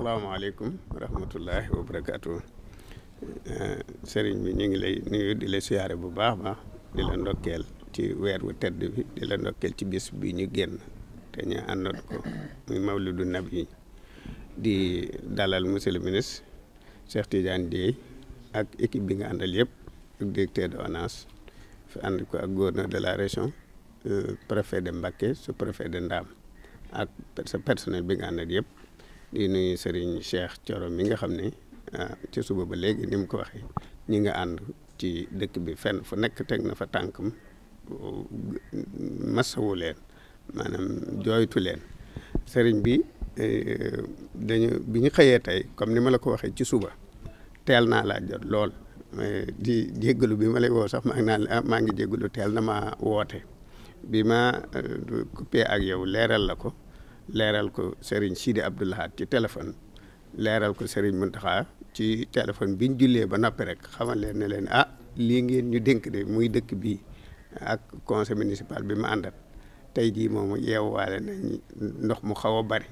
asalaamaaleykum wa rahmatullahi wa barakaatu sëriñ bi ñu ngi lay nuyu di la siyaare bu baax baax di la ndokkeel ci weer wu tedd bi di la ndokkeel ci bis bi ñu génn te ñu àndoon ko muy mawlidu nabi di dalal monsieur le ministre Cheikh Tidiane Dieye ak équipe bi nga àndal yëpp ak directeur de ONAS fi ànd ko ak gouverneur de la région euh, préfet de Mbacké sous préfet de Ndam ak sa personnel bi nga àndal yëpp di nuyu Serigne Cheikh Thioro mi nga xam ne ah, ci suba ba léegi ni mu ko waxee ñi nga ànd ci dëkk bi fenn fu nekk teg na fa tànkam masawu leen maanaam jooytu leen sëriñ bi eh, dañu bi ñu xëyee tey comme ni ma la ko waxee ci suba teel naa laa jot lool eh, di jéggalu bi ma lay woo sax maa ngi naan ah, maa ngi jéggalu teel na maa woote bi ma eh, coupé ak yow leeral la ko. leeral ko Serigne siide Abdoulahat ci téléphone leeral ko Serigne Mountakha ci téléphone biñ jullee ba noppi rek xamal leen ne leen ah lii ngeen ñu dénk de muy dëkk bi ak conseil municipal bi ma àndat tey jii moom yeewwaale nañ ndox mu xaw a bari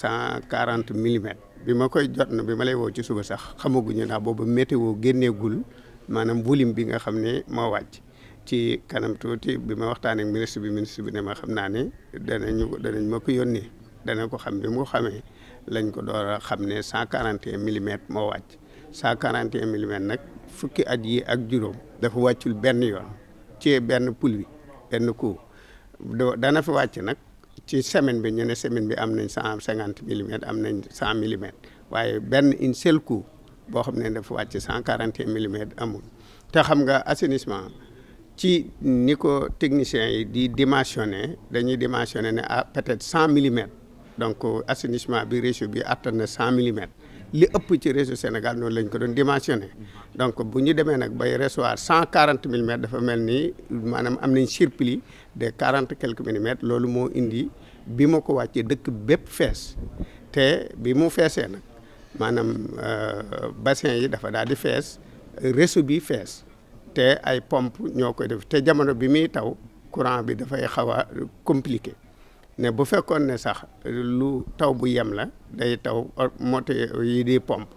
cent quarante millimètres bi ma koy jot na bi ma lay woo ci suba sax xamaguñu ndax booba météo génneegul maanaam volume bi nga xam ne moo wàcc ci kanam tuuti bi ma waxtaanee ak ministre bi ministre bi ne ma xam naa ne danañu danañ ma ko yónnee dana ko xam bi mu xamee lañ ko door a xam ne cent quarante et un moo wàcc cent quarante et nag fukki at yi ak juróom dafa wàccul benn yoon ci benn pul bi benn coup dana fi wàcc nag ci semaine bi ñu ne semaine bi am nañ cent cinquante millimètres am nañ cent millimètres waaye benn une seule coup boo xam ne dafa wàcc cent quarante et un amul te xam nga assainissement ci ni ko techniciens yi di dimensionné dañuy dimensionné ne à ah, peut-être cent millimètres donc assainissement bi réseau bi attan na cent millimètres li ëpp ci réseau Sénégal noonu lañ ko doon dimensionné donc bu ñu demee nag bay recevoir cent quarante millimètres dafa mel ni maanaam am nañ surplus de quarante quelques millimètres loolu moo indi bi ma ko wàccee dëkk bépp fees te bi mu feesee nag maanaam euh, bassin yi dafa daal di fees réseau bi fees te ay pompe ñoo koy def te jamono bi muy taw courant bi dafay xaw a compliqué ne bu fekkoon ne sax lu taw bu yem la day taw moto yi di pompe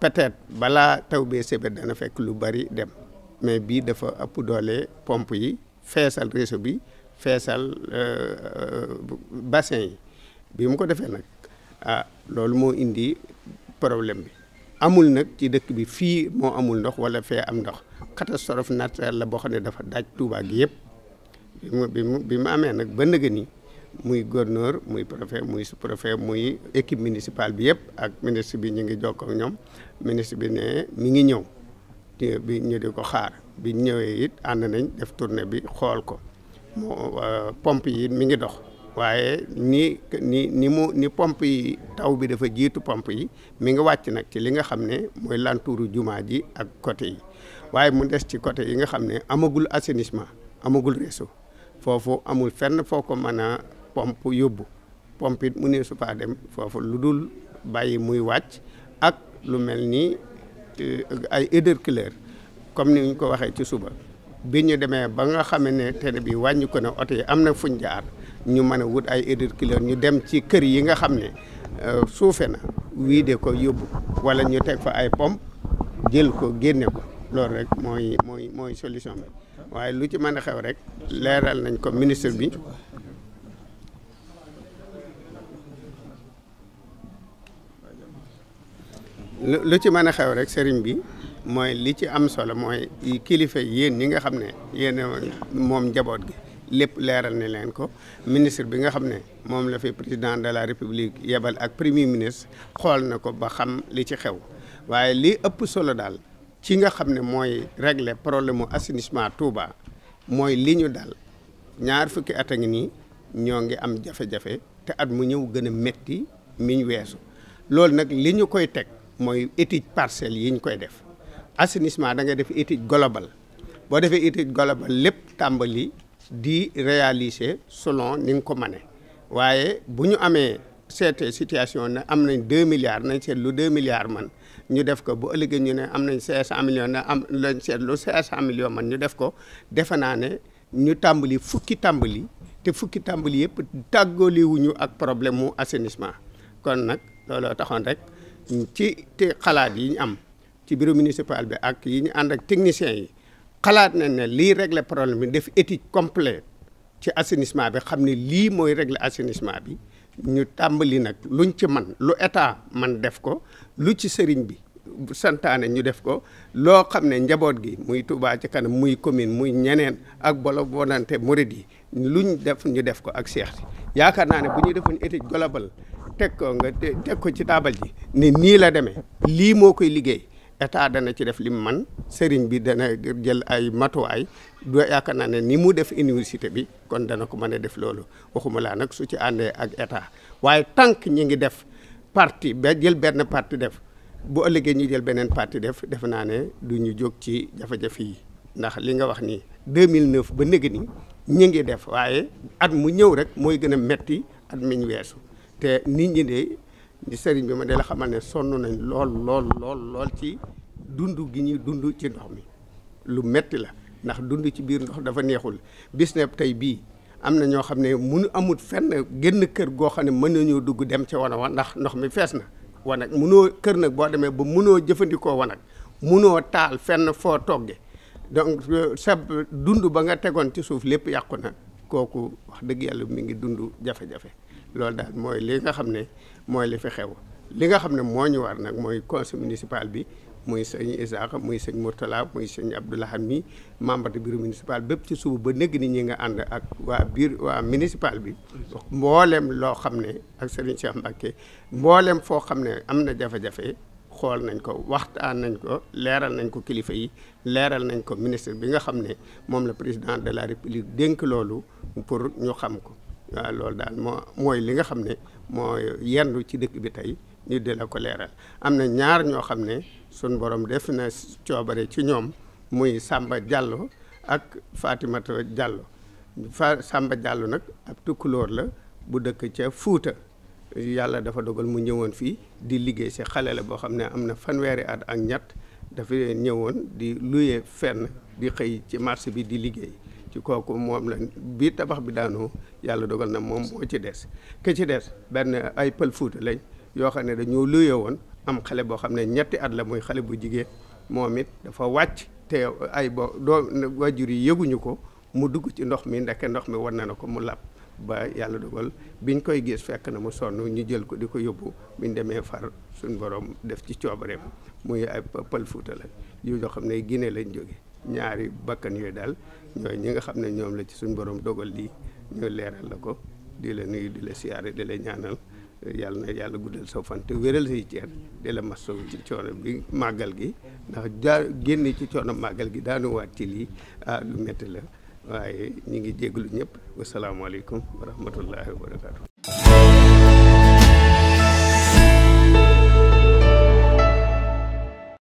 peut-être balaa taw bee sebet dana fekk lu bari dem mais bii dafa ëpp doole pompe yi feesal réseau bi feesal euh, euh, bassin yi bi mu ko defee nag ah loolu moo indi problème bi amul nag ci dëkk bi fii moo amul ndox wala fee am ndox catastrophe naturelle la boo xam ne dafa daj Touba gi yëpp bi mu bi mu amee nag ba nëgë ni muy gouverneur muy préfet muy sous-préfet muy équipe municipale bi yëpp ak ministre bi ñu ngi jokkoo ak ñoom ministre bi ne mi ngi ñëw bi ñu di ko xaar bi ñëwee it ànd nañ def tournée bi xool ko euh, pompe yi mi ngi dox. waaye ni ni ni mu ni pompe yi taw bi dafa jiitu pompe yi mi ngi wàcc nag ci li nga xam ne mooy lantuuru jumaa ji ak côté yi waaye mu des ci côté yi nga xam ne amagul assainissement amagul réseau foofu amul fenn foo ko mën a pompe yóbbu pompe mu ne su faa dem foofu lu dul bàyyi muy wàcc ak lu mel ni euh, ay édercleur comme ni ñu ko waxee ci suba bi ñu demee ba nga xam ne tere bi wàññi ko ne oto yi am na fuñ jaar ñu mën a wut ay éducateurs ñu dem ci kër yi nga xam ne euh, suufe na wii de ko yóbbu wala ñu teg fa ay pompe jël ko génne ko loolu rek mooy mooy mooy solution bi waaye lu ci mën a xew rek leeral nañ ko ministre bi lu ci mën a xew rek sëriñ bi mooy li ci am solo mooy kilifa yéen ñi nga xam ne yéen moom njaboot gi lépp leeral ne leen ko ministre bi nga xam ne moom la fi président de la république yebal ak premier ministre xool na ko ba xam li ci xew waaye li ëpp solo daal ci nga xam ne mooy régler problème mu assainissement Touba mooy li ñu dal ñaar fukki at a ngi nii ñoo ngi am jafe-jafe te at mu ñëw gën a métti miñ weesu loolu nag li ñu koy teg mooy étude parcelle yi ñu koy def assainissement da ngay def étude global boo defee étude global lépp tàmbali di réaliser selon ni nga ko mane waaye bu ñu amee seete situation na am nañ deux milliards nañ seet lu deux milliards man ñu def ko bu ëllëgee ñu ne am nañ cinq cent millions am lañ seetlu cinq cent ñu def ko defe naa ne ñu tàmbali fukki tàmbali te fukki tàmbali yëpp tàggooliwuñu ak problème mu assainissement kon nag looloo taxoon rek ci te xalaat yi ñu am ci bureau municipal bi ak yi ñu ànd ak techniciens yi xalaat na ne lii régler problème bi def étude complète ci assainissement bi xam ne lii mooy regle assainissement bi ñu tàmbali nag luñ ci man lu état man def ko lu ci sëriñ bi santaane ñu def ko loo xam ne njaboot gi muy Touba ci kanam muy commune muy ñeneen ak bolo bonante murid yi luñ def ñu def ko ak seex yaakaar naa ne bu ñu defoon étude globale teg ko nga teg ko ci taabal ji ne nii la demee lii moo koy liggéey état dana ci def lim man sëriñ bi dana jël ay matuwaay du yaakaar naa ne ni mu def université bi kon dana ko mën a def loolu waxuma laa nag su ci àndee ak état waaye tànk ñi ngi def parti ba jël benn parti def bu ëllëgee ñu jël beneen parti def defe naa ne du ñu jóg ci jafe-jafe yi ndax li nga wax ni 2009 ba nëgë ni ñu ngi def waaye at mu ñëw rek mooy gën a metti at miñ weesu te nit ñi de di sëriñ bi ma de la xamal ne sonn nañ lool lool lool lool ci dund gi ñuy dund ci ndox mi lu metti la ndax dund ci biir ndox dafa neexul bis ne tey bii am na ñoo xam ne munu amut fenn génn kër goo xam ne mën nañoo dugg dem ci wana wa ndax ndox mi fees na wanag mënoo kër nag boo demee ba mënoo jëfandikoo wanag munoo taal fenn foo togge donc sa dund ba nga tegoon ci suuf lépp yàqu na kooku wax dëgg yàlla mi ngi dundu jafe-jafe loolu daal mooy li nga xam ne mooy li fi xew li nga xam ne moo ñu war nag mooy conseil municipal bi muy sëñ Isaaxa muy sëñ Mourtala muy sëñ Abdoulahan mi membre de bureau municipal bépp ci suba ba nëgg ni ñi nga ànd ak waa biir waa municipal bi mbooleem loo xam ne ak sëriñ Cheikh Mbacke mbooleem foo xam ne am na jafe-jafe xool nañ ko waxtaan nañ ko leeral nañ ko kilifa yi leeral nañ ko ministre bi nga xam ne moom la président de la république dénk loolu pour ñu xam ko waaw loolu daal moo mooy li nga xam ne moo yendu ci dëkk bi tey ñu di la ko leeral am na ñaar ñoo xam ne suñ borom def na coobare ci ñoom muy Samba Diallo ak Fatimata jàll fa sàmba Diallo nag ab tukkulóor la bu dëkk ca Fuuta yàlla dafa dogal mu ñëwoon fii di liggéey si xale la boo xam ne am na fanweeri at ak ñett dafa ñëwoon di luye fenn di xëy ci marché bi di liggéey ci kooku moom la biir tabax bi daanoo yàlla dogal na moom moo ci des ki ci des benn ay pël fuuta lañ yoo xam ne dañoo luye woon am xale boo xam ne ñetti at la muy xale bu jigéen moom it dafa wàcc te ay bo doo wajur yi yëguñu ko mu dugg ci ndox mi ndeke ndox mi war na na ko mu làpp ba yàlla dogal biñ koy gis fekk na mu sonn ñu jël ko di ko yóbbu biñ demee far suñ borom def ci coobareem muy ay pël fuuta la yu yoo xam ne Guinée lañ jóge ñaari bakkan yooyu daal ñooy ñi nga xam ne ñoom la ci suñu borom dogal lii ñu leeral la ko di la nuyu di la siyaare di la ñaanal yàlla na yàlla guddal sa fan te wéral say ceer di la masaw ci coono bi màggal gi ndax jaa génn ci coono màggal gi daanu waat ci lii ah lu métti la waaye ñu ngi jégalu ñëpp wasalaamaaleykum wa rahmatullahi wa barakatu